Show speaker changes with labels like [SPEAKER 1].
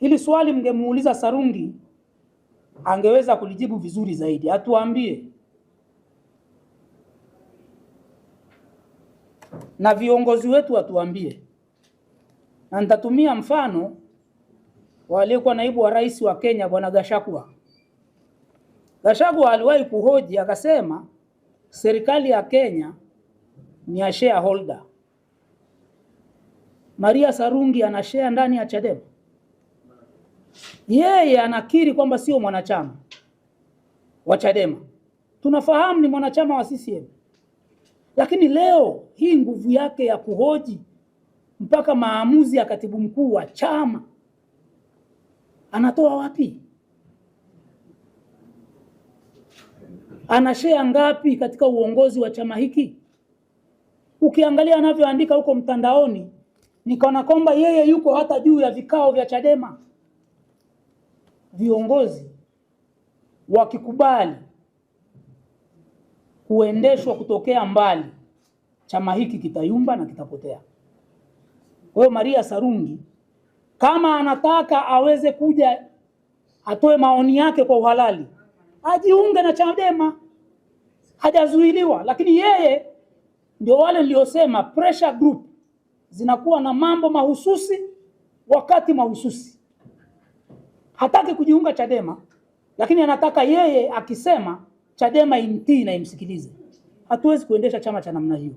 [SPEAKER 1] Hili swali mngemuuliza Sarungi angeweza kulijibu vizuri zaidi, atuambie na viongozi wetu atuambie, na nitatumia mfano wa aliyekuwa naibu wa rais wa Kenya bwana Gashagwa. Gashagwa aliwahi kuhoji akasema, serikali ya Kenya ni ya shareholder. Maria Sarungi ana share ndani ya Chadema yeye anakiri kwamba sio mwanachama wa Chadema, tunafahamu ni mwanachama wa CCM, lakini leo hii nguvu yake ya kuhoji mpaka maamuzi ya katibu mkuu wa chama anatoa wapi? Anashea ngapi katika uongozi wa chama hiki? Ukiangalia anavyoandika huko mtandaoni, nikaona kwamba yeye yuko hata juu ya vikao vya Chadema viongozi wakikubali kuendeshwa kutokea mbali, chama hiki kitayumba na kitapotea. Kwa hiyo Maria Sarungi kama anataka aweze kuja atoe maoni yake kwa uhalali, ajiunge na Chadema, hajazuiliwa. Lakini yeye ndio wale niliosema pressure group zinakuwa na mambo mahususi wakati mahususi hataki kujiunga Chadema, lakini anataka yeye akisema Chadema imtii na imsikilize. Hatuwezi kuendesha chama cha namna hiyo.